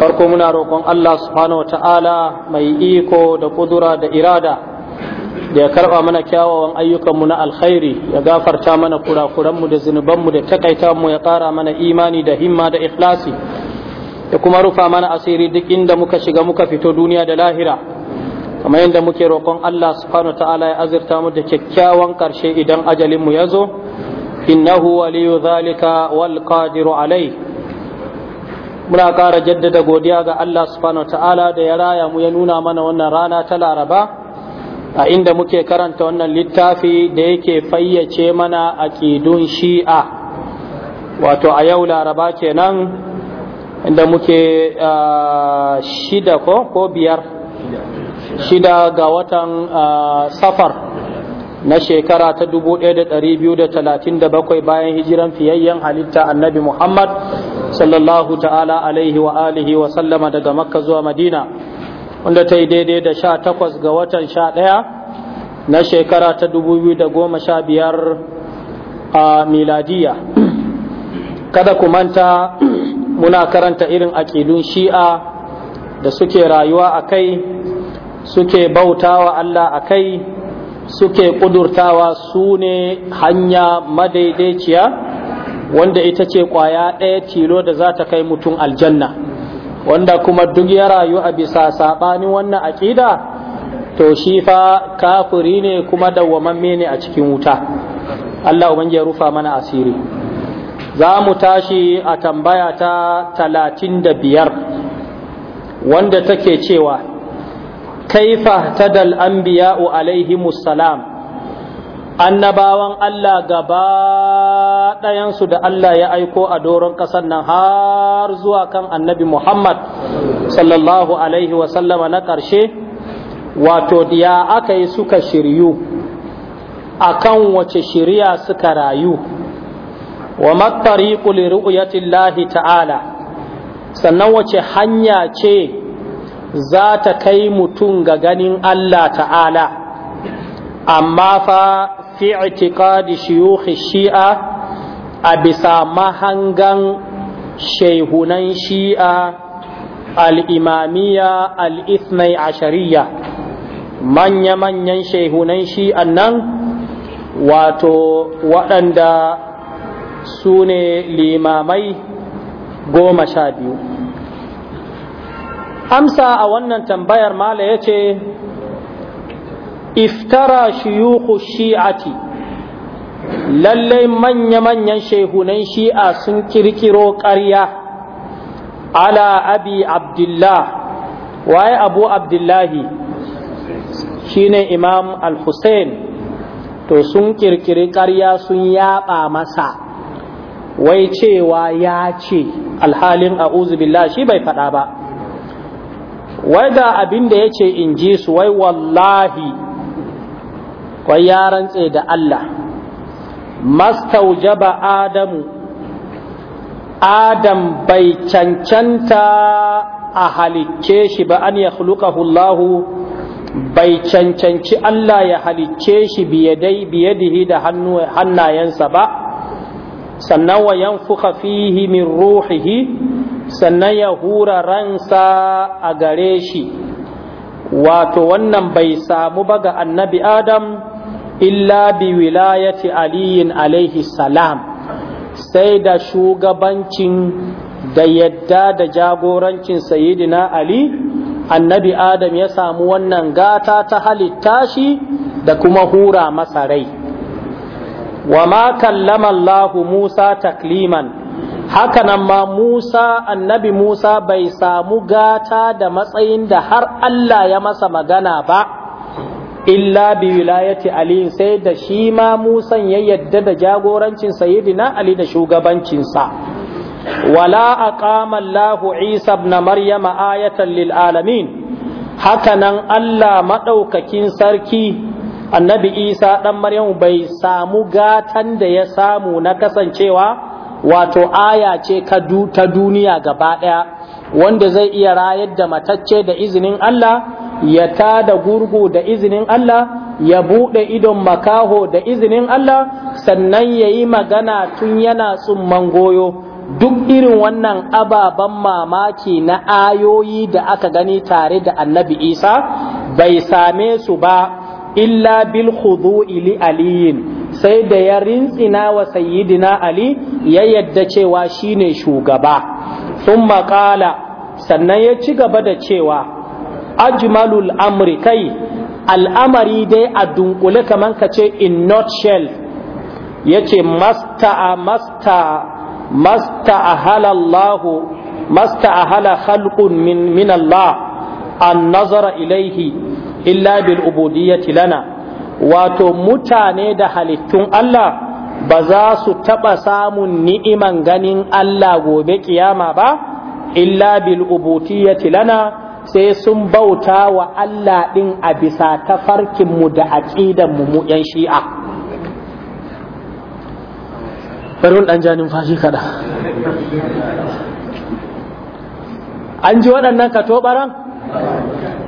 farko muna roƙon Allah subhanahu wa ta'ala mai iko da kudura da irada da ya karɓa mana kyawawan ayyukanmu na alkhairi ya gafarta mana kurakuranmu da zunubanmu da takaita mu ya ƙara mana imani da himma da ikhlasi da kuma rufa mana asiri duk inda muka shiga muka fito duniya da lahira kamar yadda muke roƙon Allah subhanahu wa ta'ala ya azurta mu da kyakkyawan ƙarshe idan ajalinmu ya zo innahu waliyu zalika wal qadiru alai muna ƙara jaddada godiya ga Allah subhanahu ta'ala da ya raya mu ya nuna mana wannan rana ta laraba a inda muke karanta wannan littafi da yake fayyace mana a kidun shi'a wato a yau laraba kenan inda muke shida ko ko biyar shida ga watan safar na shekara ta 1237 bayan hijiran fiyayyen halitta annabi muhammad sallallahu ta'ala alaihi wa alihi wa sallama daga makka zuwa madina wanda ta yi daidai da sha takwas ga watan sha ɗaya na shekara ta dubu biyu da goma sha biyar a miladiya kada ku manta muna karanta irin aƙidun shi'a da suke rayuwa a kai suke bautawa Allah a kai suke ƙudurtawa su ne hanya madaidaiciya wanda ita ce kwaya ɗaya tilo da za ta kai mutum aljanna wanda kuma duk ya rayu a bisa saɓani wannan aƙida to shi fa kafiri ne kuma dawwamamme ne a cikin wuta Allah ubangi ya rufa mana asiri za mu tashi a tambaya ta talatin da biyar wanda take cewa kaifa tadal anbiya'u alaihimus salam annabawan Allah gaba ɗayansu da Allah ya aiko a doron ƙasar nan har zuwa kan annabi Muhammad sallallahu Alaihi wasallama na ƙarshe wato ya aka yi suka shiryu a kan wace shirya suka rayu wa mattariku li ru'yatillahi ta'ala sannan wace hanya ce za ta kai mutum ga ganin Allah ta'ala amma fa fi i'tiqadi shuyukhi shi'a a bisa mahangan shehunan shi'a al-imamiyya al-ithnai ashariya manya-manyan shehunan shi'an nan wato waɗanda su ne limamai goma sha biyu amsa a wannan tambayar mala ya ce iftara shuyukhu shi'ati lallai manya-manyan shehunan shi'a sun kirkiro ƙarya ala abi abdullah waye abu abdullahi shine imam al-hussein to sun kirkiri ƙarya sun yaɓa masa wai cewa ya ce alhalin a'uzu billah shi bai faɗa ba wai da abin da ya ce in ji su wai wallahi kwai ya rantse da Allah mastaujaba adamu adam bai cancanta a halicce shi ba an ya Hullahu bai cancanci Allah ya halicce shi biyadihi da hannayensa ba sannan wa 'yan fuka fihi min ruhihi sannan ya hura ransa a gare shi wato wannan bai samu ba ga annabi adam illa bi wilayati aliyin alaihi salam sai da shugabancin da yadda da jagorancin sayidina ali annabi adam ya samu wannan gata ta halitta shi da kuma hura masa rai wa ma kallama allahu musa takliman hakanan ma Musa annabi Musa bai samu gata da matsayin da har Allah ya masa magana ba illa bi wilayati ali sai da shi ma musan ya yadda da jagorancin sayyidina ali da shugabancinsa wala aqama Allahu Isa ibn Maryama ayatan lil alamin Haka nan Allah madaukakin sarki annabi Isa dan Maryam bai samu gatan da ya samu na kasancewa wato aya ce ta duniya gaba daya wanda zai iya rayar da matacce da izinin Allah ya tada gurgu da izinin Allah ya buɗe idon makaho da izinin Allah sannan ya yi magana tun yana tsumman goyo duk irin wannan ababen mamaki na ayoyi da aka gani tare da annabi isa bai same su ba illa bil khudu'i li aliyin sai da ya rintsina wa sayyidina ali ya yadda cewa shine shugaba sun maƙala sannan ya ci gaba da cewa ajmalul amri kai al'amari dai a dunkule kamar ka ce in nutshell yace masta masta masta ahalallahu masta ahala min min Allah an nazara ilaihi illa bil ubudiyyati lana wato mutane da halittun Allah ba za su taɓa samun ni'iman ganin Allah gobe kiyama ba illa bil ubudiyyati lana sai sun bauta wa Allah ɗin a bisa tafarkinmu da aƙidanmu mu ‘yan shi'a. Farin ɗan janin fashi kada. An ji waɗannan katobaran?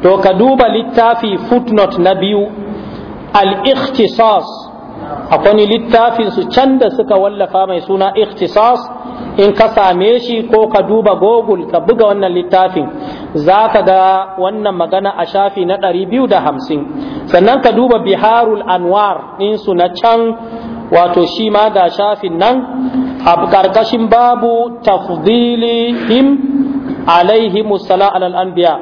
To ka duba littafi footnote na biyu, al-ikhtisas littafin littafinsu can da suka wallafa mai suna ikhtisas in ka same shi ko ka duba google ka buga wannan littafin za ka ga wannan magana a shafi na ɗari biyu da hamsin sannan ka duba biharul anwar ɗinsu na can wato shi ma ga shafin nan a ƙarƙashin babu tafdilihim alaihi musala alal anbiya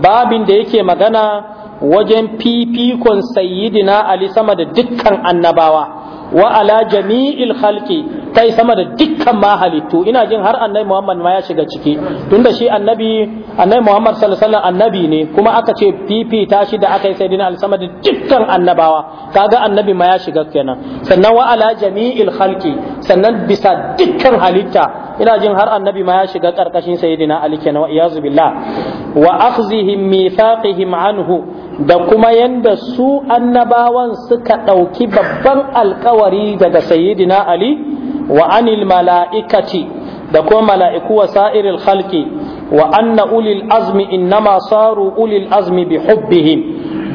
babin da yake magana wajen fifikon sayyidina ali sama da dukkan annabawa wa ala jami'il khalqi kai sama da dukkan ma halittu ina jin har annabi Muhammad ma ya shiga ciki tunda shi annabi annabi Muhammad sallallahu annabi ne kuma aka ce ta shi da aka yi sayyidina al-sama da dukkan annabawa kaga annabi ma ya shiga kenan sannan wa ala jami'il khalqi sannan bisa dukkan halitta ina jin har annabi ma ya shiga karkashin sayyidina ali kenan wa iyazu billah wa akhzihim mithaqihim anhu da kuma yanda su annabawan suka ɗauki babban alkawari daga sayyidina ali wa anil mala'ikati da kuma mala'iku wa sa'iril khalqi wa anna ulil azmi innama saru ulil azmi bi hubbihim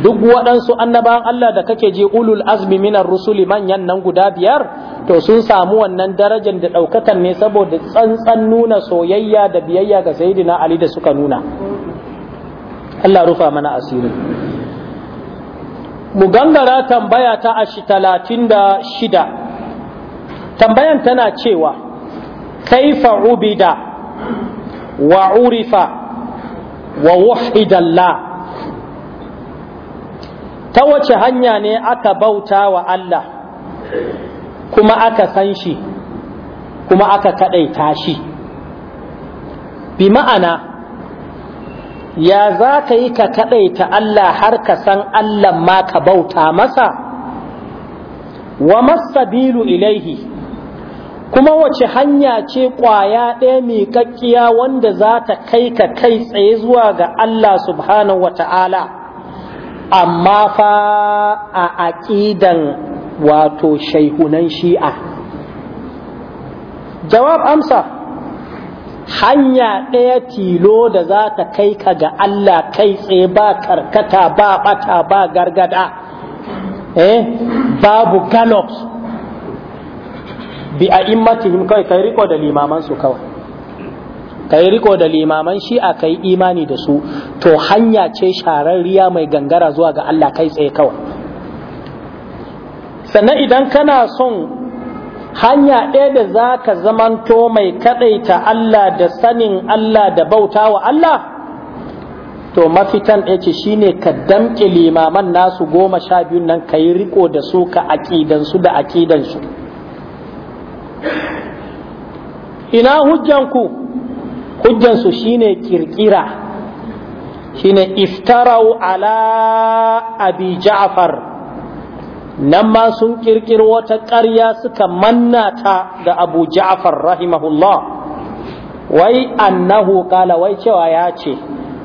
duk waɗansu annabawan Allah da kake ji ulul azmi minar rusuli manyan nan guda biyar to sun samu wannan darajar da ɗaukatar ne saboda tsantsan nuna soyayya da biyayya ga sayyidina ali da suka nuna Allah rufa mana asiri mu gangara tambaya ta ashi talatin da shida tambayan tana cewa kaifa ubida wa urifa wa wahidallah ta wace hanya ne aka bauta wa Allah kuma aka san shi kuma aka kaɗaita shi bi ma'ana ya za ka yi ka kaɗaita Allah har ka san Allah ma ka bauta masa wa masabilu ilaihi kuma wace hanya ce ƙwaya ɗaya miƙaƙƙiya wanda za ta kai ka kai tsaye zuwa ga Allah subhanahu wa ta'ala amma fa a aƙidan wato shaihunan shi'a jawab amsa hanya ɗaya tilo da za ta kai ka ga Allah kai tsaye ba karkata ba bata ba gargada eh babu gallops bi a immatihim kai kai riko da limaman su kawai kai riko da limaman shi a kai imani da su to hanya ce shararriya mai gangara zuwa ga Allah kai tsaye kawai sannan idan kana son hanya ɗaya da za ka zamanto mai kaɗaita Allah da sanin Allah da bauta wa Allah to mafitan ɗaya ce shi ne ka damƙe limaman nasu goma sha biyu nan ka yi riko da su ka aƙidansu da aƙidansu ina hujjanku hujjansu shi shine ƙirƙira. ne iftarau ala abi ja'far nan ma sun kirkiro wata ƙarya suka manna ta da abu ja'far rahimahullah wai annahu kala wai cewa ya ce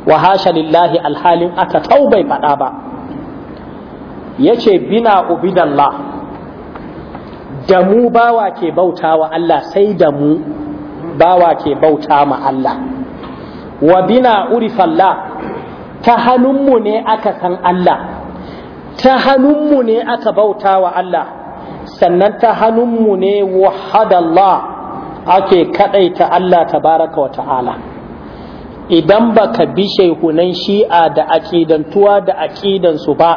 wa hasha lillahi alhalin aka tau bai faɗa ba ya ce bina ubidallah da mu bawa ke bauta wa Allah sai da mu bawa ke bauta ma Allah wa bina urifallah ta hannunmu ne aka san Allah ta hannunmu ne aka bauta wa Allah sannan ta hannunmu ne wahadallah ake kadaita Allah tabaraka wa ta'ala idan baka bi shehunan shi'a da aƙidantuwa da aƙidansu ba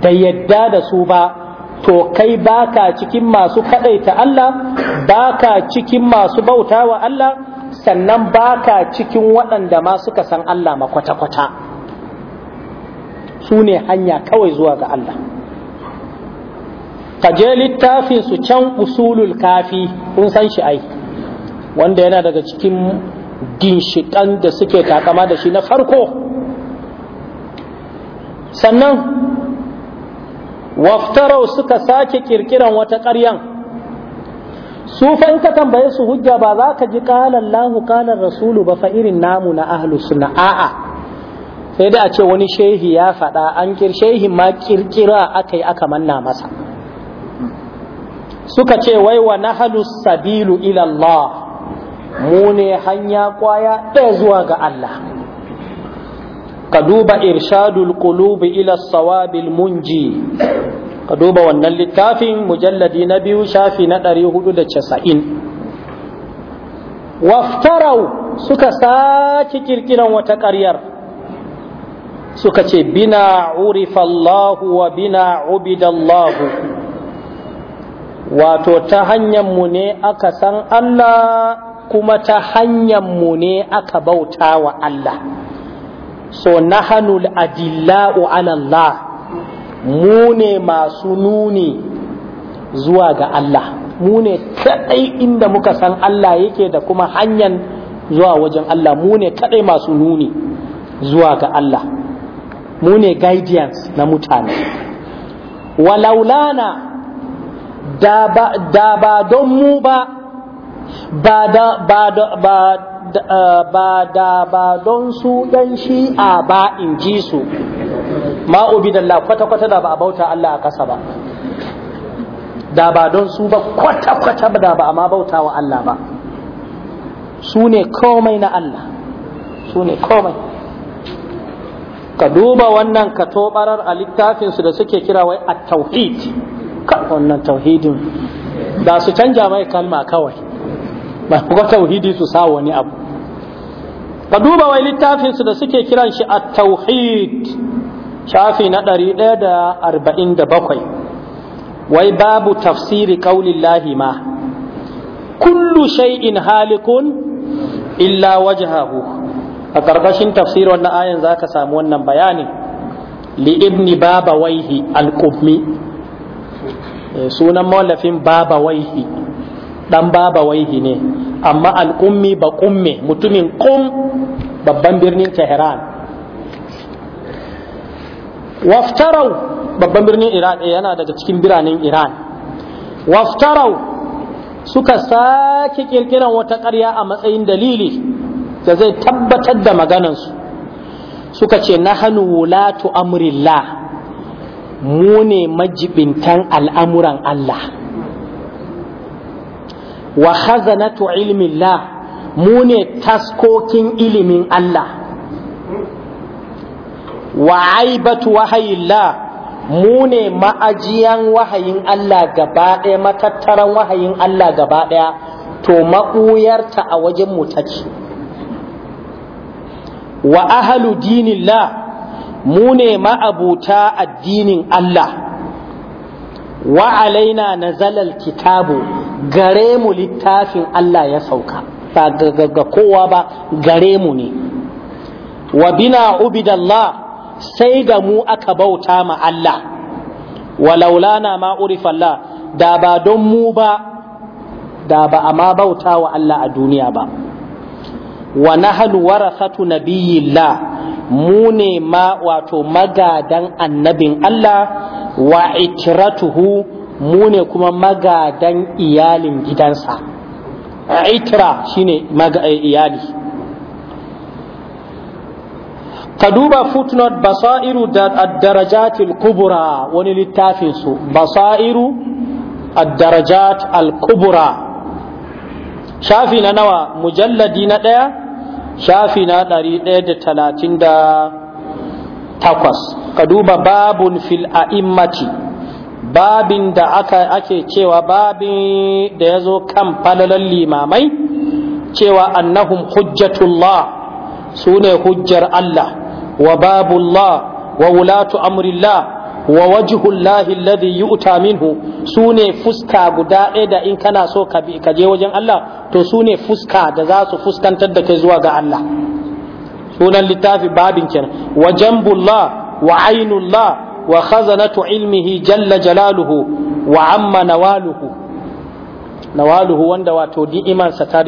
da yadda da su ba to kai baka cikin masu kadaita Allah baka cikin masu bauta wa Allah sannan baka cikin waɗanda ma suka san Allah ma kwata-kwata su ne hanya kawai zuwa ga Allah ka je littafin su can usulul kafi kun san shi ai wanda yana daga cikin ginshiƙan da suke takama da shi na farko sannan waftarau suka sake kirkiran wata ƙaryan sufan ka tambaye su hujja ba za ka ji ƙalallahu ƙalar rasulu ba fa irin namu na ahlus sunna a'a sai dai a ce wani shehi ya faɗa an kir shehin ma kirkira aka yi aka manna masa suka ce wai wa nahalu sabilu ila Allah mu ne hanya kwaya ɗaya zuwa ga Allah ka duba irshadul qulubi ila sawabil munji ka duba wannan littafin mujalladi na biyu shafi na 490 waftarau suka sake kirkiran wata ƙaryar suka ce bina urifallahu wa bina ubidallahu wato ta hanyar ne aka san Allah kuma ta hanyar mu ne aka bauta wa Allah so nahanul adilla'u ala Allah mu ne masu nuni zuwa ga Allah mu ne kadai inda muka san Allah yake da kuma hanyar zuwa wajen Allah mu ne kadai masu nuni zuwa ga Allah mu ne guidance na mutane walaulana da ba don mu ba ba da ba da eh, ba da ba don su ɗan shi'a ba in ji su ma ubidallah kwata-kwata da ba a bauta Allah a kasa ba da ba don su ba kwata-kwata da ba a ma bauta wa Allah ba su ne komai na Allah su ne komai ka duba wannan ka tobarar a littafin su da suke kira wai a tauhid Ka wannan tauhidin ba su canja mai kalma kawai ba kuma tauhidi su sa wani abu ka duba wai littafin su da suke kiran shi a tauhid shafi na 147 wai babu tafsiri kaulillahi ma kullu shay'in halikun illa wajhahu a ƙarƙashin tafsir wannan ayan za ka samu wannan bayani li ibni baba waihi al eh, sunan mawallafin baba waihi dan baba waihi ne amma al-qummi ba kumme mutumin kum babban birnin tehran waftarau babban birnin iran eh, yana daga cikin biranen iran waftarau suka sake ƙirƙiran wata ƙarya a matsayin dalili da zai tabbatar da maganansu suka ce na nahanu wulatu amrilla mu ne majibintan al'amuran Allah wa khazanatu ilmillah mu ne taskokin ilimin Allah wa aibatu wahayillah mu ne ma'ajiyan wahayin Allah gaba ɗaya matattaran wahayin Allah gaba ɗaya to maɓuyarta a wajen mutaci ce. wa ahlu dinillah mu ne ma'abuta addinin Allah wa alaina nazalal kitabu gare mu littafin Allah ya sauka ba ga kowa ba gare mu ne wa bina ubidallah sai da mu aka bauta ma Allah Laulana ma urifallah da ba don mu ba da ba a ma bauta wa Allah a duniya ba wa nahanu warasatu nabiyillah mu ne ma wato magadan annabin Allah wa itratuhu mu ne kuma magadan iyalin gidansa itra shine eh, iyali ka duba footnote basairu ad-darajat al-kubra wani littafin su basairu ad-darajat al-kubra shafi na nawa mujalladi na daya shafi na 138 ka duba babun fil a'immati babin da aka ake cewa babin da ya zo kan falalan limamai cewa annahum hujjatullah su ne hujjar Allah wa babullah wa wulatu amrillah wa wajihullahi alladhi yu'ta minhu sune fuska guda ɗaya da in kana so ka bi ka je wajen Allah to sune fuska da za su fuskantar da kai zuwa ga Allah sunan littafi babin kenan wa jambullah wa ainullah wa khazanatu ilmihi jalla jalaluhu wa amma nawaluhu nawaluhu wanda wato iman sa ta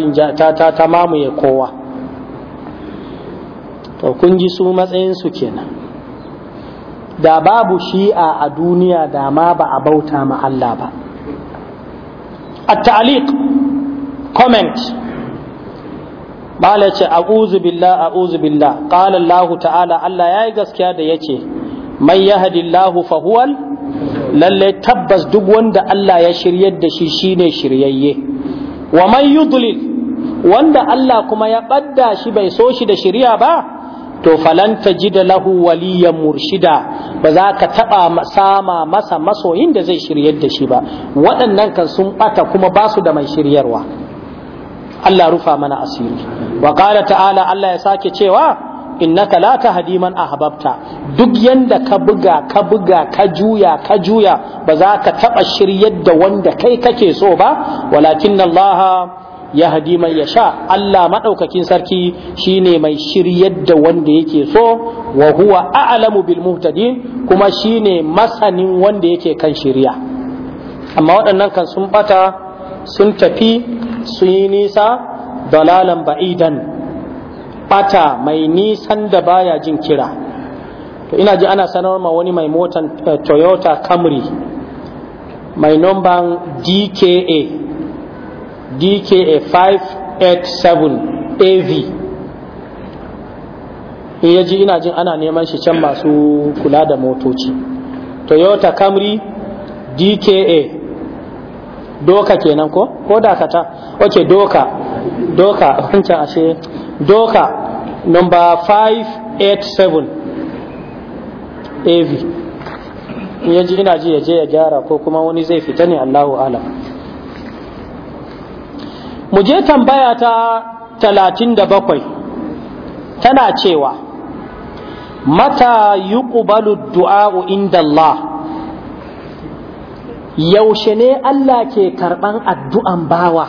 ta ta mamaye kowa to kun ji su matsayin su kenan da babu shi'a a duniya da ma ba a bauta ma Allah ba A taliq comment bala ce a'udhu billah a'udhu billah qala Allah ta'ala Allah yayi gaskiya da yace man yahdillahu fa fahuwal lalle tabbas duk wanda Allah ya shiryar da shi shine shiryayye wa man yudlil wanda Allah kuma ya badda shi bai so shi da shiriya ba to falan da lahu waliyan murshida ba za ka taɓa sama masa masoyin da zai shiryar da shi ba waɗannan kan sun ɓata kuma ba su da mai shiryarwa Allah rufa mana asiri wa qala ta'ala Allah ya sake cewa innaka la tahdi man ahbabta duk yanda ka buga ka buga ka juya ka juya ba za ka taɓa shiryar da wanda kai kake so ba walakin Allah mai ya sha Allah madaukakin sarki shine mai shiryar da wanda yake so wa huwa a'lamu bil muhtadin kuma shine masanin wanda yake kan shiriya amma waɗannan kan sun bata sun tafi sun yi nisa dalalan ba'idan bata mai nisan da baya jin kira to ina ji ana sanar ma wani mai motan eh, Toyota Camry mai nomban DKA dka 587 av in yaji ina jin ana neman shi can masu kula da motoci toyota camry dka doka kenan ko ko dakata ok doka doka hancin ashe doka number 587 av in yaji ina ji ya je ya gyara ko kuma wani zai fita ne allahu alam mu je tambaya ta talatin da bakwai tana cewa mata yuqbalu du'a'u inda Allah yaushe ne Allah ke karɓan addu'an bawa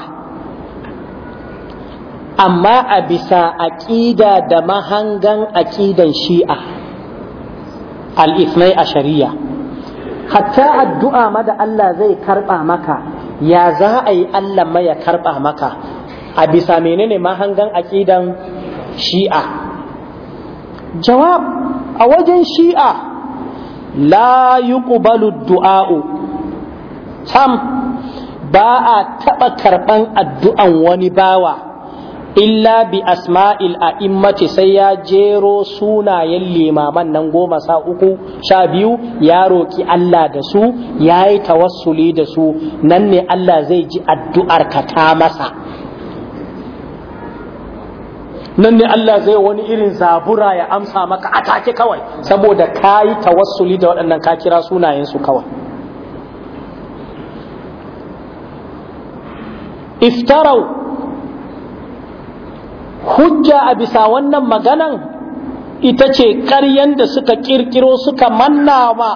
amma a bisa aƙida da mahangan aƙidan shi'a al-ithnai a shari'a hatta addu'a ma da Allah zai karɓa maka ya za a yi Allah ma ya karɓa maka a bisa menene mahangan aƙidan shi'a jawab a wajen shi'a la yuqbalu du'a'u sam ba a taɓa karɓan addu'an wani bawa illa bi asma'il a'immati sai ya jero sunayen limaman nan goma sa uku sha biyu ya roki Allah da su ya yi tawassuli da su nan ne Allah zai ji addu'ar ka ta masa nan ne Allah zai wani irin zabura ya amsa maka a take kawai saboda ka yi tawassuli da waɗannan ka kira sunayen su kawai iftarau hujja a bisa wannan maganan ita ce ƙaryan da suka ƙirƙiro suka manna ma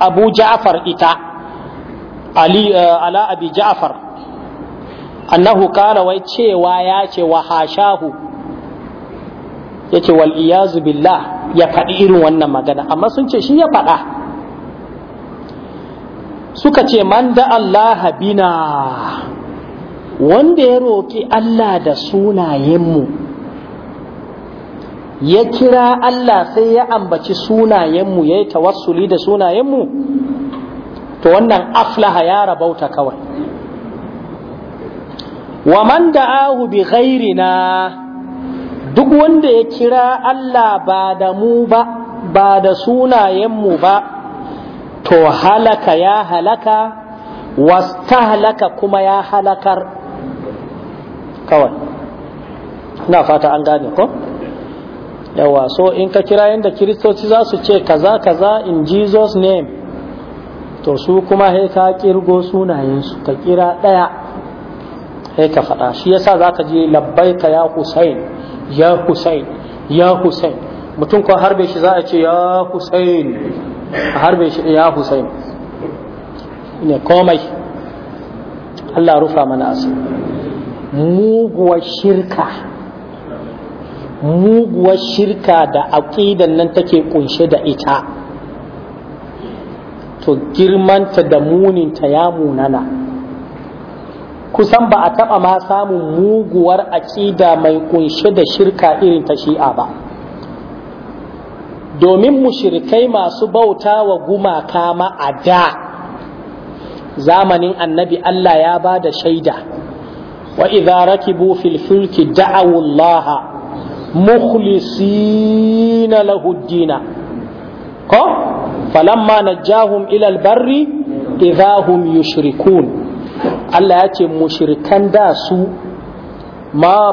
abu ja'far ita ali eh, ala abi ja'far annahu kala wai cewa ya ce wa hashahu ce wal iyazu billah ya faɗi irin wannan magana amma sun ce shi ya faɗa suka ce man da Allah bina wanda ya roƙi Allah da sunayenmu ya kira Allah sai ya ambaci sunayenmu ya yi tawassuli da sunayenmu to wannan aflaha ya rabauta kawai wa man ahu bi ghairina duk wanda ya kira Allah ba da mu ba ba da sunayenmu ba to halaka ya halaka halaka kuma ya halakar kawai na fata an gane ko? yawa so in ka kira yadda kiristoci za su ce kaza kaza in jesus name to su kuma he ka kirgo sunayensu ka kira ɗaya he ka faɗa shi yasa za ka je ka ya husain ya husain ya husain mutum ko harbe shi za a ce ya husain a harbe shi ya husain. ne komai allah rufa mana asiri muguwar shirka muguwar shirka da aƙidan nan take kunshe da ita to girmanta da muninta ya munana kusan ba a taɓa ma samun muguwar aƙida mai kunshe da shirka irin ta shi'a ba domin shirkai masu bauta wa gumaka ma a da zamanin annabi Allah ya ba da shaida wa idza rakibu fil fulki da'awu Allah mukhlisina lahuddina dina ko falamma najjahum ila albarri idha yushrikun Allah yace mushirikan da su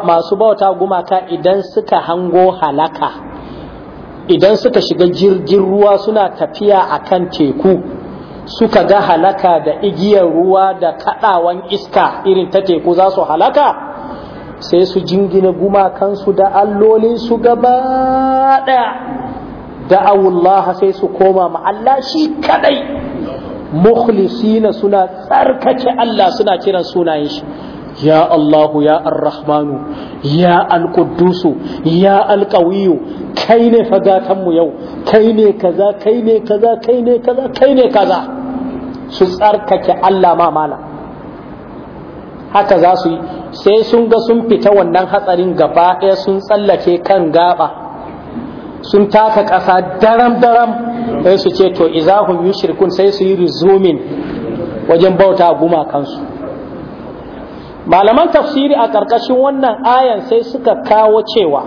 masu bauta gumaka idan suka hango halaka idan suka shiga jirgin ruwa suna tafiya akan teku suka ga halaka da igiyar ruwa da kaɗawan iska irin ta teku za su halaka sai su jingina gumakansu da allolinsu gaba ɗaya da'awullah sai su koma ma Allah shi kadai mukhlisina suna tsarkake Allah suna kiran sunayen shi ya Allahu ya Ar-Rahmanu ya Al-Quddusu ya Al-Qawiyyu kai ne fagatanmu yau kai ne kaza kai ne kaza kai ne kaza kai ne kaza su tsarkake Allah ma malam haka za su yi sai sun ga sun fita wannan hatsarin gaba ɗaya sun tsallake kan gaba sun taka ƙasa daram-daram sai su ce to izahun shirkun sai su yi rizumin wajen bauta gumakansu malaman tafsiri a ƙarƙashin wannan ayan sai suka kawo cewa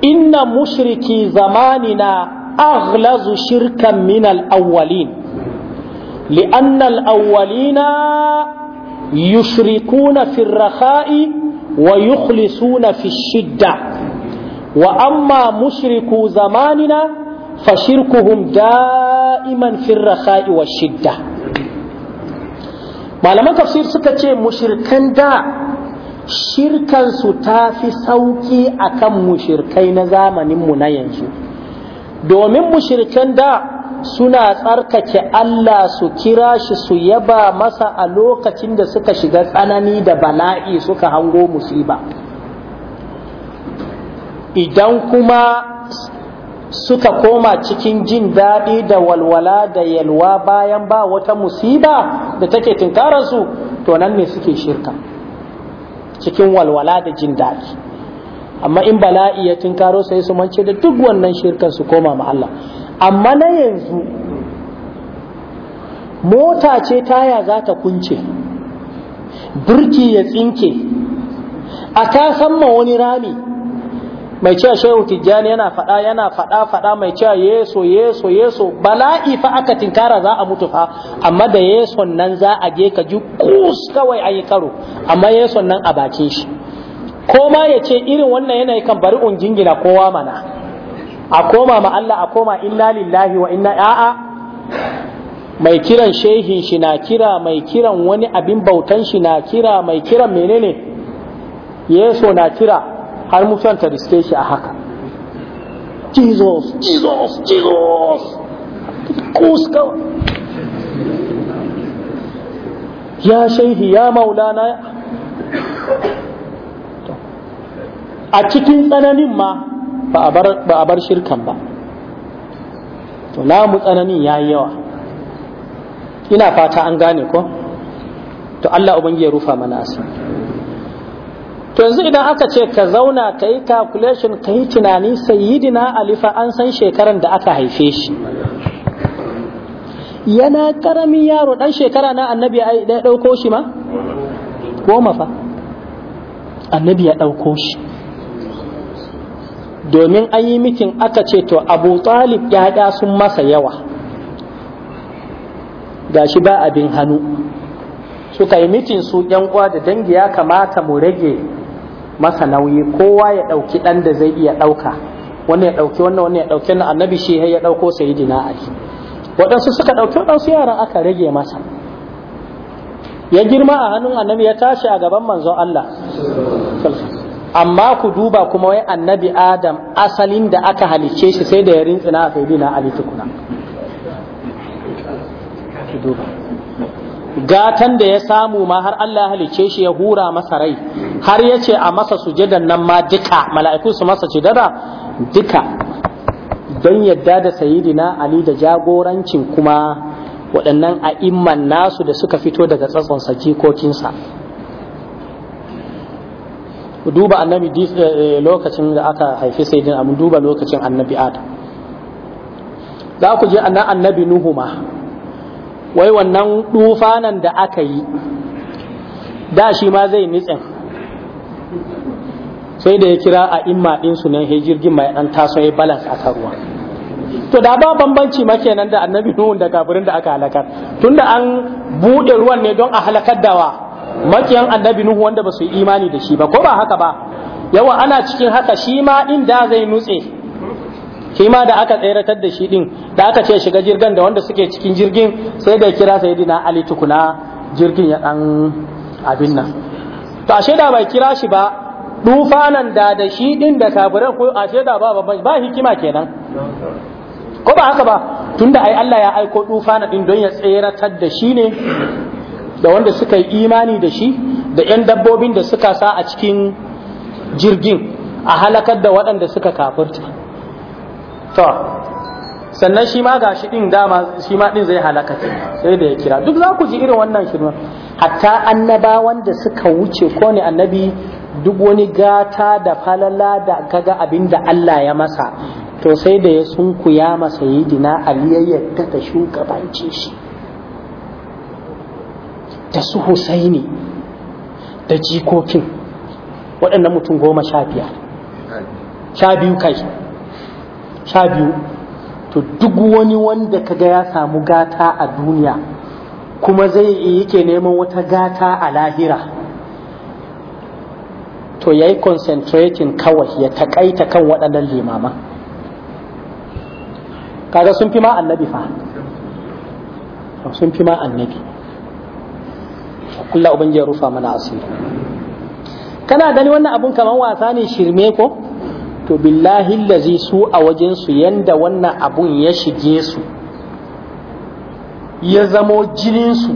inna mushriki zamanina aghlazu shirkan min al-awwalin li'anna al-awwalina يشركون في الرخاء ويخلصون في الشدة وأما مشركو زماننا فشركهم دائما في الرخاء والشدة ما لما تفسير سكتي مشركان دا شركا ستافي سوكي أكم مشركين زامن منينشو دومين مشركان دا suna tsarkake Allah su kira shi su yaba masa a lokacin da suka shiga tsanani da bala'i suka hango musiba idan kuma suka koma cikin jin daɗi da walwala da yalwa bayan ba wata musiba da take su to nan ne suke shirka cikin walwala da jin daɗi amma in bala'i ya tunkaro sai su mance da duk wannan shirkar su koma ma Allah amma na yanzu mota ce taya za ta kunce birki ya tsinke a ta ma wani rami mai cewa shehu tijjani yana faɗa yana faɗa faɗa mai cewa yeso yeso yeso bala'i fa aka tinkara za a mutu fa amma da yeson nan za a je ka ji kus kawai a yi karo amma yeson nan a bakin shi ko ma ya ce irin wannan yanayi kan bari ungingina jingina kowa mana a koma ma Allah a koma inna lillahi wa inna a'a mai kiran shehin shi na kira mai kiran wani abin bautan shi na kira mai kiran menene yeso na kira har mutuwan ta riske shi a haka jesus jesus jesus kuska ya shehi ya maulana a cikin tsananin ma ba a bar shirkan ba to namu tsananin ya yi yawa ina fata an gane ko to Allah ubangi ya rufa mana to yanzu idan aka ce ka zauna ka yi calculation ka yi tunani sayyidina alifa an san shekaran da aka haife shi yana karamin yaro dan shekara na annabi ya ɗauko shi ma goma fa annabi ya ɗauko shi domin an yi mitin aka ce to abu talib ‘ya'ya sun masa yawa ga shi ba abin hannu suka yi mitin su uwa da dangi ya kamata mu rage masa nauyi kowa ya ɗauki ɗan da zai iya ɗauka wannan ya ɗauki wannan wannan ya ɗauki wannan annabi shi ya ɗauko sayidina ali waɗansu suka ɗauki waɗansu yaran aka rage masa ya girma a hannun annabi ya tashi a gaban manzon Allah amma ku duba kuma wai annabi adam asalin da aka halicce shi sai da ya rintsina a na ali tukuna gatan da ya samu ma har Allah halicce shi ya hura masa rai har ya ce a masa sujadan nan ma duka mala'iku su masa cidara duka don yadda da sayidina ali da jagorancin kuma waɗannan a'imman nasu da suka fito daga tsatson jikokinsa ku duba annabi eh, eh, lokacin da aka haifi din amma duba lokacin annabi adam za ku je annan annabi nuhu ma wai wannan dufanan da aka yi da shi ma zai nitsin sai da ya kira a imma ɗinsu nan ya jirgin mai an taso ya balance a ruwa to da ba bambanci kenan da annabi nuhu da kafirin da aka halakar tunda an buɗe ruwan ne don a halakar dawa makiyan annabi nuhu wanda ba su yi imani da shi ba ko ba haka ba yawa ana cikin haka shi ma din da zai nutse shi ma da aka tseratar da shi din da aka ce shiga jirgin da wanda suke cikin jirgin sai da kira dina ali tukuna jirgin ya dan abin nan to ashe da bai kira shi ba dufanan da da shi din da kafiran ko ashe da ba ba hikima kenan ko ba haka ba tunda ai Allah ya aiko dufana din don ya tseratar da shi ne da wanda suka yi imani da shi da 'yan dabbobin da suka sa a cikin jirgin a halakar da waɗanda suka kafirta to sannan shi ma ga shi ɗin dama shi ma ɗin zai halaka sai da ya kira duk za ku ji irin wannan shirma hatta annaba wanda suka wuce ko ne annabi duk wani gata da falala da kaga abin da Allah ya masa to sai da ya sunkuya masa yidina aliyayyar ta shugabanci shi da su husaini da jikokin waɗannan mutum goma sha biyar sha biyu kai sha biyu to duk wani wanda kaga ya samu gata a duniya kuma zai yake neman wata gata a lahira to ya yi concentrating kawai ya takaita kan waɗannan limaman kaga sun fi ma annabi fa sun fi ma annabi Allah ubangiji ya rufa mana asiri kana gani wannan abun kaman wasa ne shirme ko to billahi lazi su a wajen su yanda wannan abun ya shige su ya zamo jinin su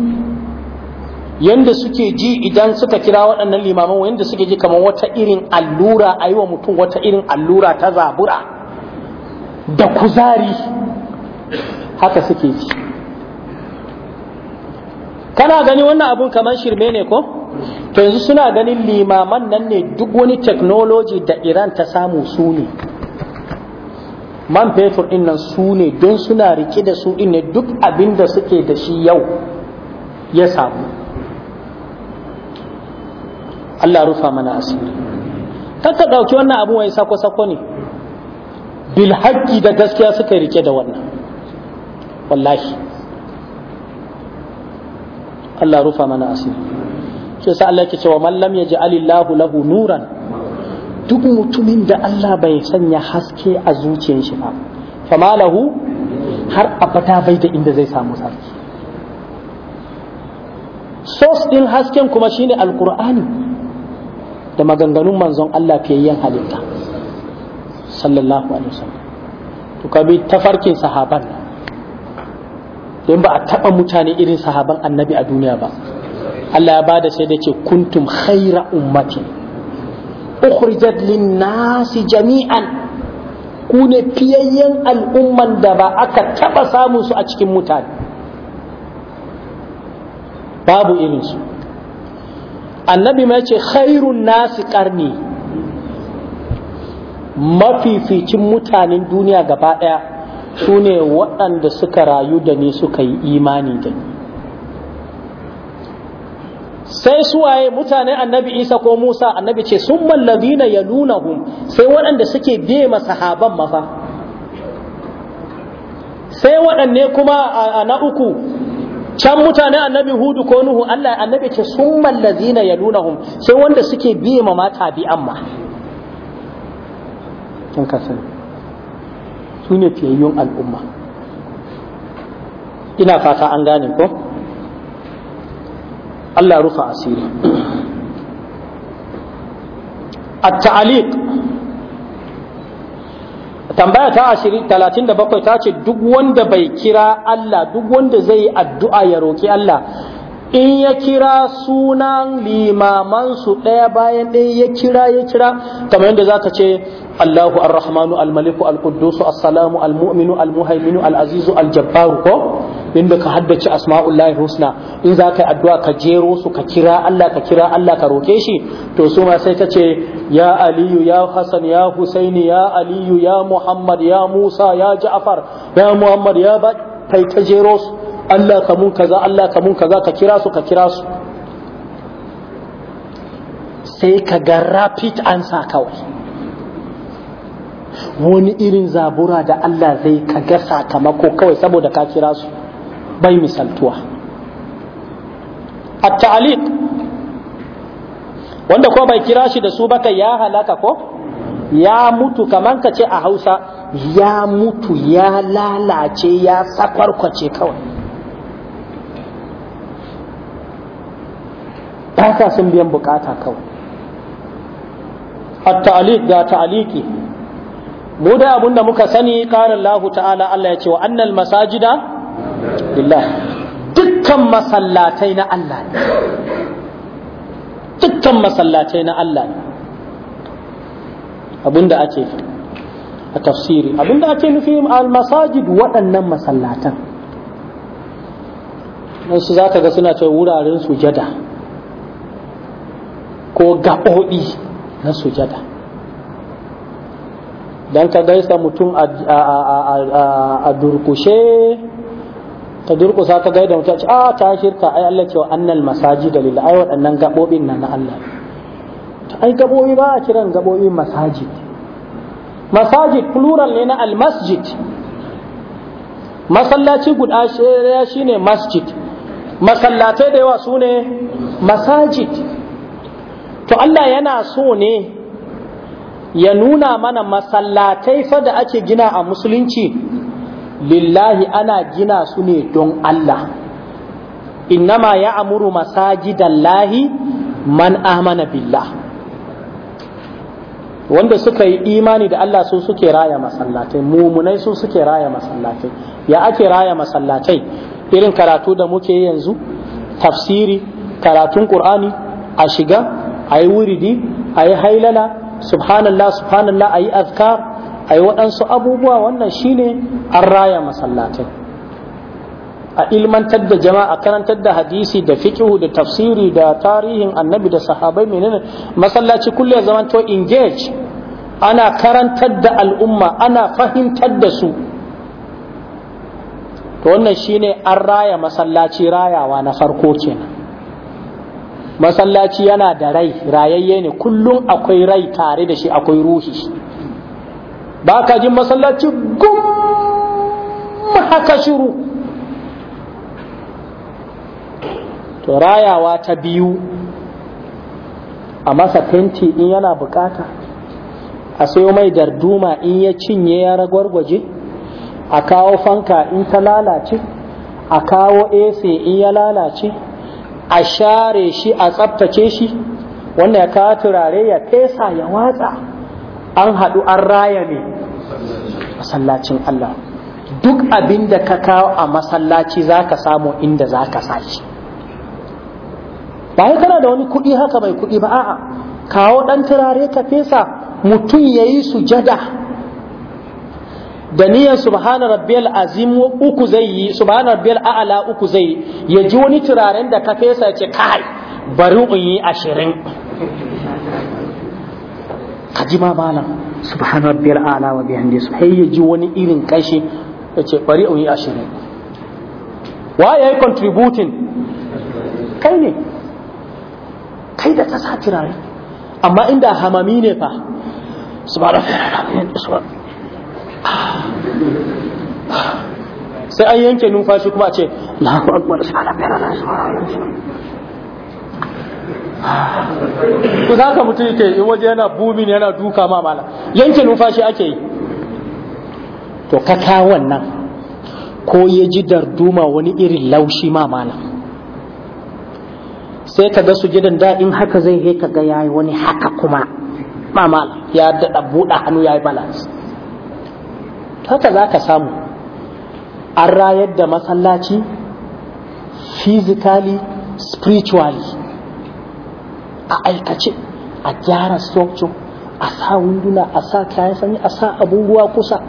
yanda suke ji idan suka kira waɗannan limaman yanda suke ji kamar wata irin allura a yi mutum wata irin allura ta zabura da kuzari haka suke ji kana gani wannan abun kamar shirme ne ko to yanzu suna ganin limaman nan ne duk wani technology da iran ta samu su ne man fetur din nan su ne don suna rike da su din ne duk abin da suke da shi yau ya samu Allah rufa mana asiri ka ɗauki wannan abun wai sako-sako ne bil haƙƙi da gaskiya suka rike da wannan wallahi Allah rufa mana asiri shi yasa Allah yake cewa ya ji alillahu lahu nuran duk mutumin da Allah bai sanya haske a zuciyar shi ba fama lahu har abada bai da inda zai samu sarki sos din hasken kuma shine alqur'ani da maganganun manzon Allah fiyayyen halitta sallallahu alaihi wasallam to kabi tafarkin sahaban don ba a taɓa mutane irin sahaban annabi a duniya ba Allah ya bada sai da ce kuntum khaira ummatin. ukhrijat lin-nasi jami'an ku ne fiyayyen al'umman da ba aka taɓa samun su a cikin mutane babu irin su. annabi mai ce khairun nasi ƙarni mafificin mutanen duniya gaba ɗaya su ne waɗanda suka rayu da ni suka yi imani da ni sai suwaye mutane annabi isa ko musa annabi ce sun mallazina ya nuna sai waɗanda suke biye sahaban mafa sai waɗanne kuma a na uku can mutane annabi hudu ko nuhu allah annabi ce sun mallazina ya nuna sai wanda suke biye ma tabi'an ma kin su ne fiyayyun al'umma ina fata an gane ko Allah rufa asiri A التعليق tambaya ta ashirin talatin da bakwai ta ce duk wanda bai kira Allah duk wanda zai addu'a ya roƙi Allah in ya kira sunan limamansu ɗaya bayan ɗaya ya kira ya kira kamar yadda zaka ce Allahu ar-Rahmanu al-Maliku al-Quddus as-Salamu al-Mu'minu al-Muhaiminu al-Azizu al-Jabbaru ko inda ka haddace asma'ullahi husna in zaka yi addu'a ka jero su ka kira Allah ka kira Allah ka roke shi to su ma sai ka ce ya Aliyu ya Hassan ya Husaini ya Aliyu ya Muhammad ya Musa ya Ja'far ya Muhammad ya ba kai ta jero su Allah ka mun kaza Allah ka mun kaza ka kira su ka kira su sai ka ga rapid answer kawai wani irin zabura da Allah zai ka ga sakamako kawai saboda ka kira su bai misaltuwa a ta'aliq wanda ko bai kira shi da su baka ya halaka ko ya mutu kamar ka ce a hausa ya mutu ya lalace ya sakwarkwace kawai ba sun biyan bukata kawai at-ta'liq ga mu da abinda muka sani qala Allah ta'ala Allah ya ce wa annal masajida dukkan masallatai na Allah dukkan masallatai na Allah ne abinda ake a tafsiri abinda ake nufi al-masajid waɗannan masallatan wasu za ga suna ce wuraren sujada ko gaɓoɗi na sujada don ka gaisa mutum a durkushe ta durkusa ka gaida mutum a ce a ah, ta shirka ai Allah cewa annal masaji da lila ai waɗannan gaɓoɓin nan na Allah ta ai gaɓoɓi ba a kiran gaɓoɓin masajid masajid plural ne na almasjid masallaci guda shi ne masjid masallatai da yawa su ne masajid to Allah yana so ne ya nuna mana masallatai fa da ake gina a musulunci lillahi ana gina su ne don Allah innama ya amuru lahi man amana billah wanda suka yi imani da Allah su suke raya masallatai mumunai su suke raya masallatai ya ake raya masallatai irin karatu da muke yanzu tafsiri karatun qur'ani a shiga a yi wuridi a yi hailala subhanallah subhanallah a yi azkar a yi waɗansu abubuwa wannan shine an raya masallatai a ilmantar da jama'a karantar da hadisi da fiqihu da tafsiri da tarihin annabi da sahabai menene masallaci kulle ya zama to engage ana karantar da al'umma ana fahimtar da su to wannan shine an raya masallaci rayawa na farko kenan masallaci yana da rai rayayye ne kullum akwai rai tare da shi akwai ruhi ba ka ji masallaci gum haka shiru to rayawa ta biyu a masa fenti in yana bukata a sayo mai darduma in ya cinye ya ragwargwaje a kawo fanka in ta lalace a kawo ese in ya lalace a share shi a tsaftace shi wanda ya kawo turare ya fesa ya watsa an haɗu an raya ne masallacin Allah duk abin da ka kawo a masallaci zaka samu inda zaka ka sashi kana da wani kuɗi haka mai kuɗi ba a'a kawo ɗan turare ka fesa mutum ya yi sujada da niyan subhana rabbiyal azim uku zai yi subhana rabbiyal a'la uku zai yi ya ji wani turaren da ka fesa ce kai bari in yi ashirin ka ji ma malam subhana rabbiyal a'la wa bihamdi sai ya ji wani irin kashi ya ce bari in yi ashirin wa yayi contributing kai ne kai da ka sa turare amma inda hamami ne fa subhana rabbiyal a'la sai an yanke numfashi kuma a ce Allahu akbar ku za ka mutu ke in waje yana bumin yana duka ma mala yanke numfashi ake yi to kaka wannan ko ya ji darduma wani irin laushi ma mala sai ka ga da daɗin haka zai ka ga yayi wani haka kuma ma mala ya daɗa buɗa hannu ya yi balance haka za ka samu an rayar da masallaci physically spiritually a aikace a gyara structure a sa wunduna a sa kayan sanyi a sa abubuwa kusa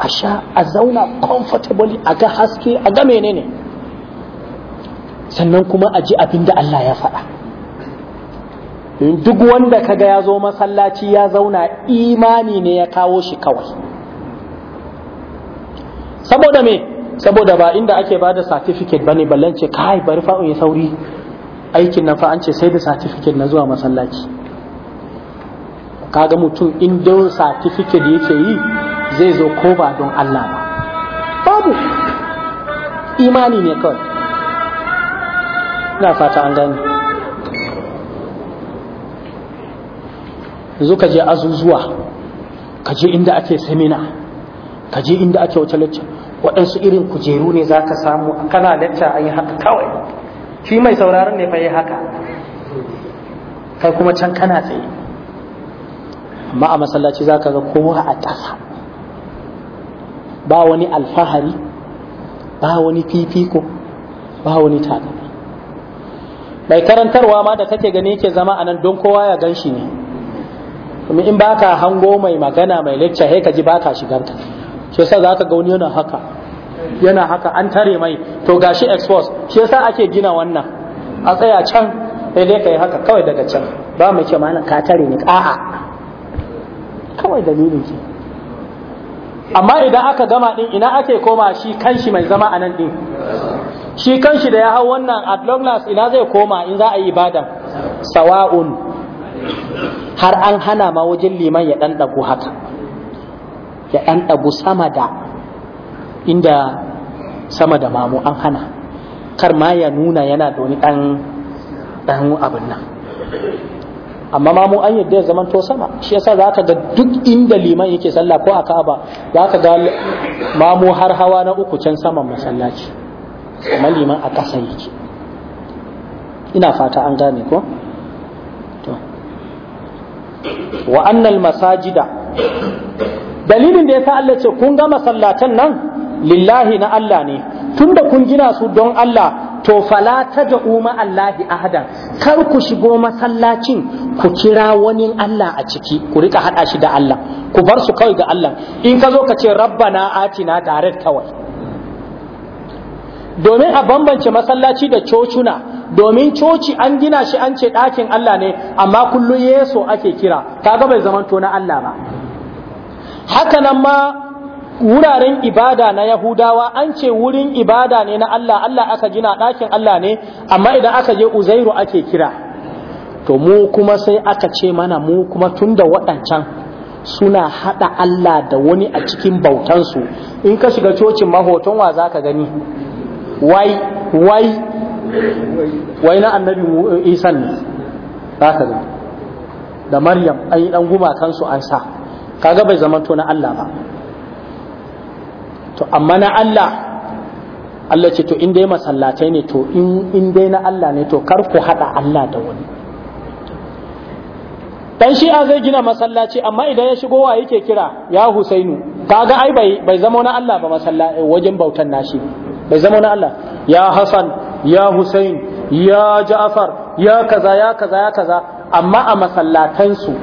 a sha a zauna comfortably a ga haske a ga menene sannan kuma a ji abin da Allah ya faɗa duk wanda kaga ya zo masallaci ya zauna imani ne ya kawo shi kawai saboda me saboda ba inda ake ba da certificate bane ballan kai bari fa'un ya sauri aikin nan fa an ce sai da certificate na zuwa masallaci kaga mutum in da certificate yake yi zai zo ko ba don Allah ba babu imani ne kawai ina fata an gani yanzu ka je azuzuwa ka je inda ake semina ka je inda ake wata lecce waɗansu irin kujeru ne za ka samu kana lecce an yi haka kawai shi mai sauraron ne fa yi haka kai kuma can kana tsaye amma a masallaci za ka ga kowa a ƙasa ba wani alfahari ba wani fifiko ba wani takama mai karantarwa ma da kake gani ke zama a nan don kowa ya gan shi ne kuma in baka hango mai magana mai lecture sai ka ji baka shigarta shi yasa zaka ga wani yana haka yana haka an tare mai to gashi exports shi yasa ake gina wannan a tsaya can sai dai kai haka kawai daga can ba mai ce malam ka tare ni a'a kawai dalilin ki amma idan aka gama din ina ake koma shi kanshi mai zama a nan din shi kanshi da ya hau wannan at long last ina zai koma in za a yi ibada? sawa'un har an hana ma wajen liman ya ɗan ɗagu haka ya ɗan ɗagu sama da inda sama da mamu an hana kar ma ya nuna yana da wani ɗan ɗan abin nan amma mamu an yadda ya zamanto sama shi yasa za ka ga duk inda liman yake sallah ko a ka'aba za ka ga mamu har hawa na uku can saman masallaci amma liman a ƙasa yake ina fata an gane ko wa annal masajida dalilin da yasa Allah ce kun ga masallatan nan lillahi na Allah ne tunda kun gina su don Allah to fala tad'u ma Allahi ahadan kar ku shigo masallacin ku kira wani Allah a ciki ku rika hada shi da Allah ku bar su kawai ga Allah in ka zo ka ce rabbana atina tare kawai domin a bambance masallaci da cocuna domin coci an gina shi an ce ɗakin Allah ne amma kullum Yesu ake kira kaga bai zamanto na Allah ba haka nan ma wuraren ibada na Yahudawa an ce wurin ibada ne na Allah Allah aka gina ɗakin Allah ne amma idan aka je Uzairu ake kira to mu kuma sai aka ce mana mu kuma tunda waɗancan suna haɗa Allah da wani a cikin bautansu in ka shiga cocin mahoton wa za ka gani wai wai wai na annabi isan ne za ka gani da maryam an yi dan gumakansu an sa kaga bai to na Allah ba to amma na Allah Allah ce to in dai masallatai ne to in dai na Allah ne to kar ku hada Allah da wani dan shi a zai gina masallaci amma idan ya shigo wa yake kira ya Husainu kaga ai bai bai zama na Allah ba masallaci wajen bautan nashi bai zama na Allah ya Hassan ya Hussein ya Ja'far ya kaza ya kaza ya kaza amma a masallatansu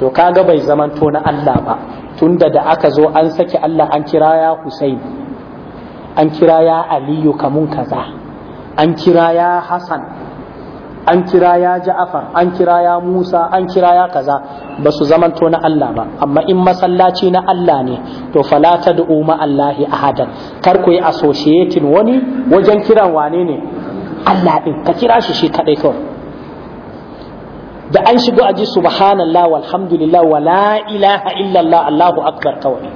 to kaga bai zamanto na Allah ba tunda da aka zo an saki Allah an kira ya Hussein an kira ya Aliyu kamun kaza an kira ya Hassan an kira ya ja'afar an kira ya musa an kira ya kaza ba su zamanto na Allah ba amma in masallaci na Allah ne to fala tad'u ma Allahi ahadan kar ku yi associating wani wajen kiran wane ne Allah din ka kira shi shi kaɗai kawai da an shigo ji subhanallah walhamdulillah wa la ilaha illallah Allahu akbar kawai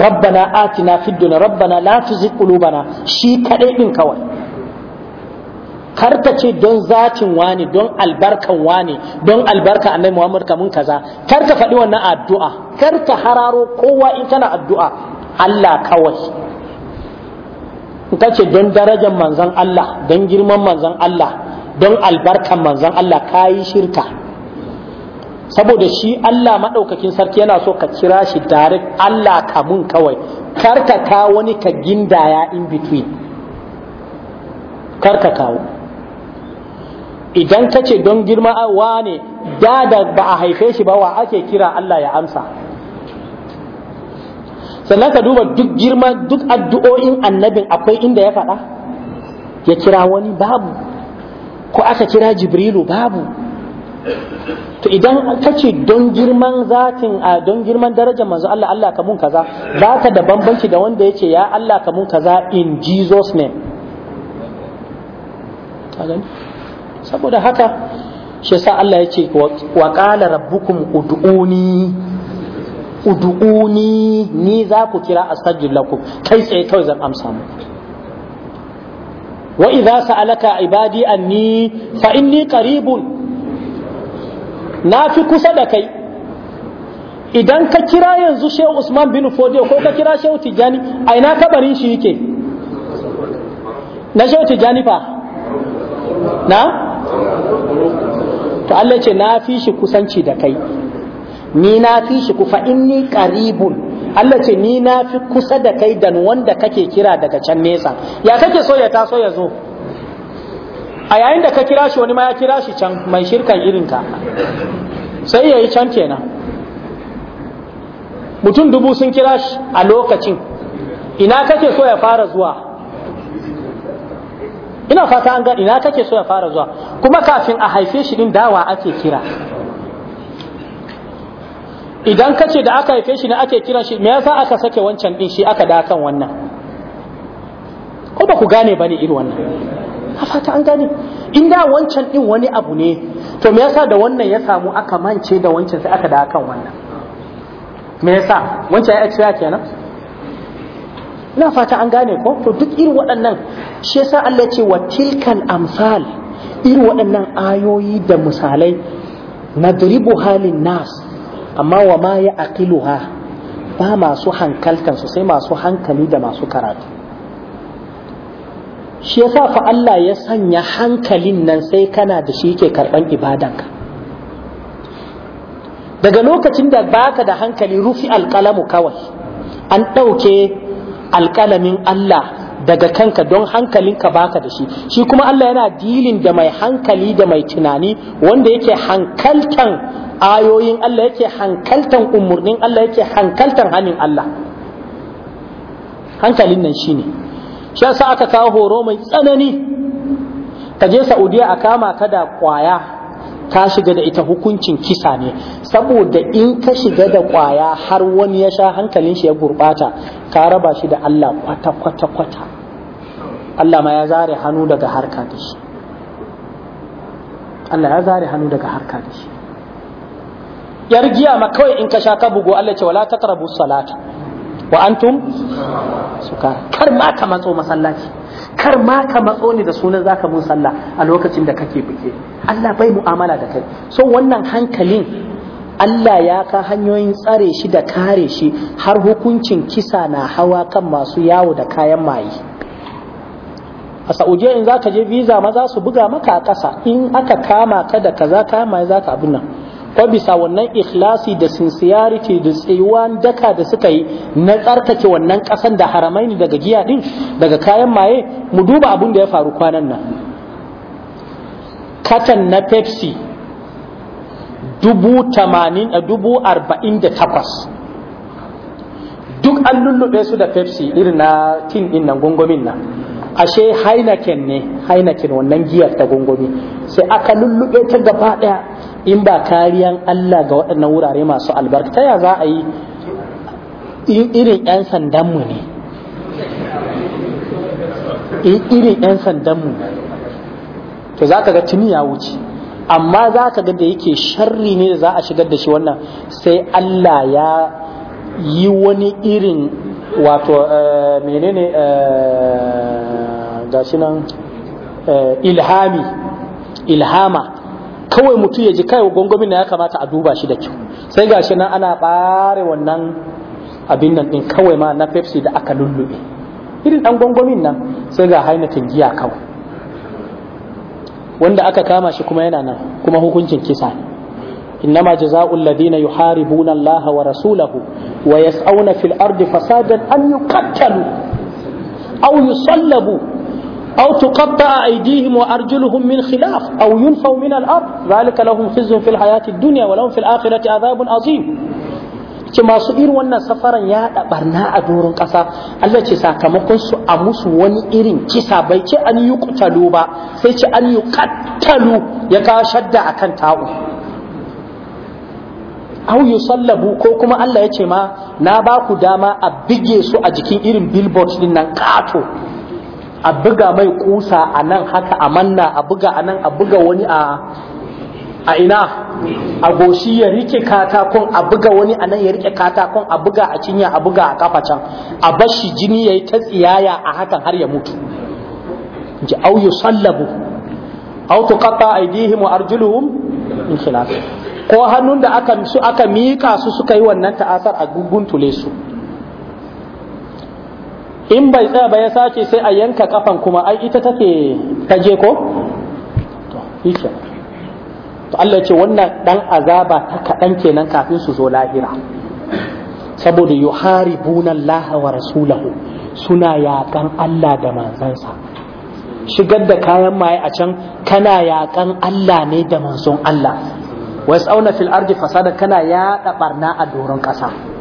rabbana atina fid dunya rabbana la tuzigh qulubana shi kaɗai din kawai kar ka ce don zatin wani don albarkan wani don albarka annabi Muhammad kamun kaza kar ka faɗi wannan addu'a karta hararo kowa in tana addu'a Allah kawai ka ce don darajar manzan Allah don girman manzan Allah don albarkan manzan Allah ka yi shirka saboda shi Allah maɗaukakin sarki yana so ka kira shi direct Allah kamun kawai karka ka wani ka gindaya in between karka kawo idan ka ce don girma ah, wa ne da da ba a haife shi ba wa ake kira Allah ya amsa sannan ka duba duk girma duk addu'o'in annabin akwai inda ya faɗa ya kira wani babu ko aka kira jibrilu babu to idan ka ce don girman zatin a don girman darajar manzo Allah Allah ka mun kaza ba ka da bambanci da wanda ya ce ya Allah ka mun kaza in Jesus name saboda haka shi sa Allah ya ce wa qala rabbukum ud'uni ud'uni ni za ku kira astajib lakum kai tsaye kawai zan amsa mu wa idza sa'alaka ibadi anni fa inni qaribun na fi kusa da kai idan ka kira yanzu Shehu Usman bin Fodio ko ka kira Shehu Tijani a ina kabarin shi yake na Shehu Tijani fa na to Allah ce na fi shi kusanci da kai ni na fi shi ku fa inni qaribun Allah ce ni na fi kusa da kai dan wanda kake kira daga can nesa ya kake so ya taso ya zo a yayin da ka kira shi wani ma ya kira shi can mai shirkan ka? sai ya yi can kenan mutum dubu sun kira shi a lokacin ina kake so ya fara zuwa ina fata an ga ina kake so ya fara zuwa kuma kafin a haife shi din dawa ake kira idan kace da aka haife shi ne ake kiran shi me yasa aka sake wancan din shi aka da kan wannan ko ba ku gane bane irin wannan a fata an gane in da wancan din wani abu ne to me yasa da wannan ya samu aka mance da wancan sai aka da kan wannan me yasa wancan ya ce kenan ina fata an gane ko to duk irin waɗannan shi yasa Allah ce wa tilkal amsal irin waɗannan ayoyi da misalai nadribu halin nas amma wa ma ya aqiluha ba masu hankaltan sai masu hankali da masu karatu shi yasa fa Allah ya sanya hankalin nan sai kana da shi ke karban ibadanka daga lokacin da baka da hankali rufi alƙalamu kawai an ɗauke alƙalamin Allah daga kanka don hankalinka baka da shi shi kuma Allah yana dilin da mai hankali da mai tunani wanda yake hankaltan ayoyin Allah yake hankaltan umurnin Allah yake hankaltan hannun Allah hankalin nan shi ne shi sa aka kawo horo mai tsanani ka je Saudiya a kama ka da kwaya ka shiga da ita hukuncin kisa ne saboda in ka shiga da kwaya har wani ya sha hankalin shi ya gurbata ka raba shi da Allah kwata kwata kwata Allah ma ya zare hannu daga harka da shi Allah ya zare hannu daga harka da shi yar giya ma kawai in ka sha ka bugo Allah ce wala taqrabu salata wa antum sukara kar ma ka matso masallaci kar ma ka matso ni da sunan zaka mun sallah a lokacin da kake bike Allah bai mu'amala da kai so wannan hankalin Allah ya ka hanyoyin tsare shi da kare shi har hukuncin kisa na hawa kan masu yawo da kayan maye a Saudiya in zaka je visa maza su buga maka a ƙasa in aka kama ka da kaza kayan maye zaka abin nan ko bisa wannan ikhlasi da sincerity da tsayuwan daka da suka yi na tsarkake wannan kasan da haramaini daga giya din daga kayan maye mu duba abin da ya faru kwanan nan katan na pepsi dubu tamanin a eh, dubu arba'in da takwas duk an lullube su da pepsi irin na tin din nan gungumin nan ashe heineken ne heineken wannan giyar ta gungumi sai aka lullube ta gaba daya in ba kariyan Allah ga waɗannan wurare masu albarka ta ya za a yi irin 'yan sandanmu ne irin 'yan sandanmu to za ka ga tuni ya wuce amma za ka ga da yake sharri ne da za a shigar da shi wannan sai Allah ya yi wani irin wato eh, menene eh, ga shi nan eh, ilhami ilhama kawai mutum ya ji kai gwangwamin na ya kamata a duba shi da kyau sai gashi nan ana bare wannan abin nan din kawai ma na Pepsi da aka lullube irin dan gwangwamin nan sai ga hainatin giya kawai wanda aka kama shi kuma yana nan kuma hukuncin kisa ne إنما جزاء الذين يحاربون الله ورسوله ويسعون في الأرض فسادا أن يقتلوا أو يصلبوا أو تقطع أيديهم وأرجلهم من خلاف أو ينفوا من الأرض ذلك لهم خز في الحياة الدنيا ولهم في الآخرة عذاب عظيم كما سئر وانا سفرا يا أبرنا أدور قصا الله تسا كما قنسو أموس واني إرين كسا بيتي أن يقتلوا با سيتي أن يقتلوا يكا شد أكن تاو أو يصلبوا كوكما الله يتما نابا قداما أبيجي سو أجكين إرين بيلبورت لنا قاتو a buga mai kusa a nan haka a manna a buga a nan a buga wani a a ina a goshi ya rike katakon a buga wani a nan ya rike katakon a buga a cinya a buga a kafa can a bashi jini ya yi ta tsiyaya a hakan har ya mutu ji au yi sallabu au a aydihim wa arjuluhum in ko hannun da aka su aka mika su suka yi wannan ta'asar a guguntule su in bai tsaya ba ya sace sai a yanka kafan kuma ai ita take taje ko to Allah ce wannan dan azaba ta kaɗan kenan kafin su zo lahira saboda yuharibuna Allah wa rasulahu suna yakan Allah da manzansa shigar da kayan maye a can kana yakan Allah ne da manzon Allah wasu auna fil ardi fasada kana yaɗa barna a doron ƙasa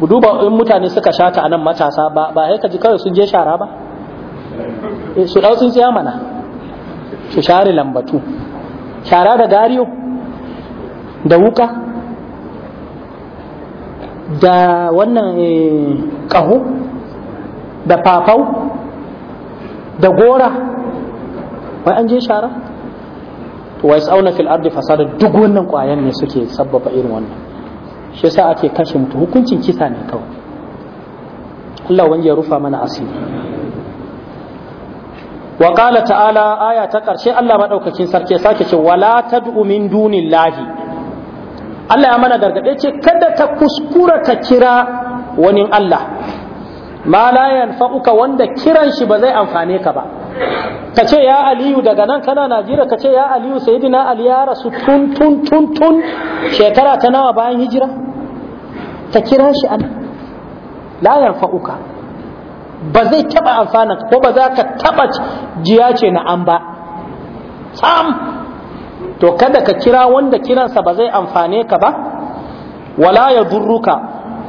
mu duba in mutane suka shata anan matasa ba ba sai kaji ji kawai sun je shara ba eh, su dau sun tsaya mana su share lambatu shara da gariyo da wuka da wannan eh, ƙaho da fafau da gora wai an je shara wai tsauna fil ardi fasada duk wannan kwayan ne suke sabbaba irin wannan shi yasa ake kashe mutu hukuncin kisa ne kawai Allah wani ya rufa mana asiri wa ta'ala aya ta karshe Allah madaukakin sarki ya sake ce wala tad'u min lahi. Allah ya mana gargade ce kada ta kuskura ka kira wani Allah ma la yanfa'uka wanda kiran shi ba zai amfane ka ba ka ce ya aliyu daga nan kana najira ka ce ya aliyu sai dina aliyara su tun tun tun tun shekara ta nawa bayan hijira ta kira shi an layan fa'uka ba zai taba amfana ko ba za ka taba jiya ce na an ba sam to kada ka kira wanda kiransa ba zai amfane ka ba wala ya durruka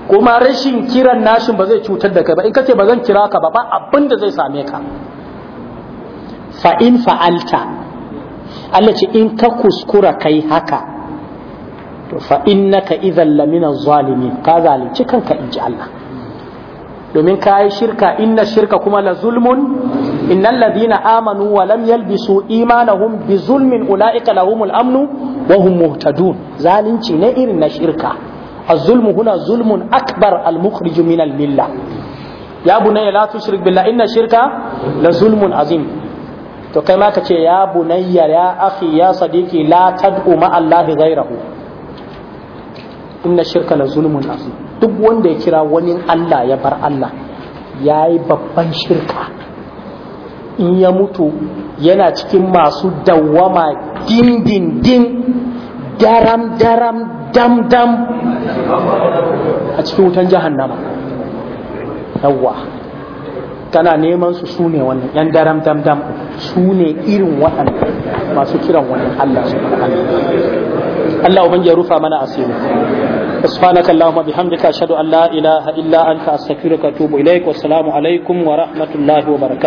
kuma rashin kiran nashin ba zai cutar da kai ba in kace ba zan kira ka ba ba abin da zai same ka Fa'in fa'alta Allah ce in ka kuskura kai haka to fa innaka idhan lamina zalimin ka zalunci kanka in ji Allah domin ka yi shirka inna shirka kuma la zulmun innal ladina amanu wa lam yalbisu imanahum bi zulmin ulaika lahumul amnu wa hum muhtadun zalunci ne irin na shirka الظلم al ظلم أكبر المخرج milla ya يا shirka لا تشرك بالله shirka الشرك zulmun azim. to kai ma ka ce ya bunayya ya akhi ya sadiki la tad'u ma Allah ghayrahu inna shirka la zulmun azim duk wanda ya kira wani Allah ya bar Allah yayi babban shirka in ya mutu yana cikin masu dawwama dindindin daram daram dam dam a cikin wutan jahannama yawwa tana neman su su ne wannan yan daram dam dam su irin wannan masu kiran wannan Allah subhanahu Allah uban ya rufa mana asiri subhanaka allahumma bihamdika ashhadu an la illa anta astaghfiruka wa atubu ilaik wa assalamu wa rahmatullahi wa barakatuh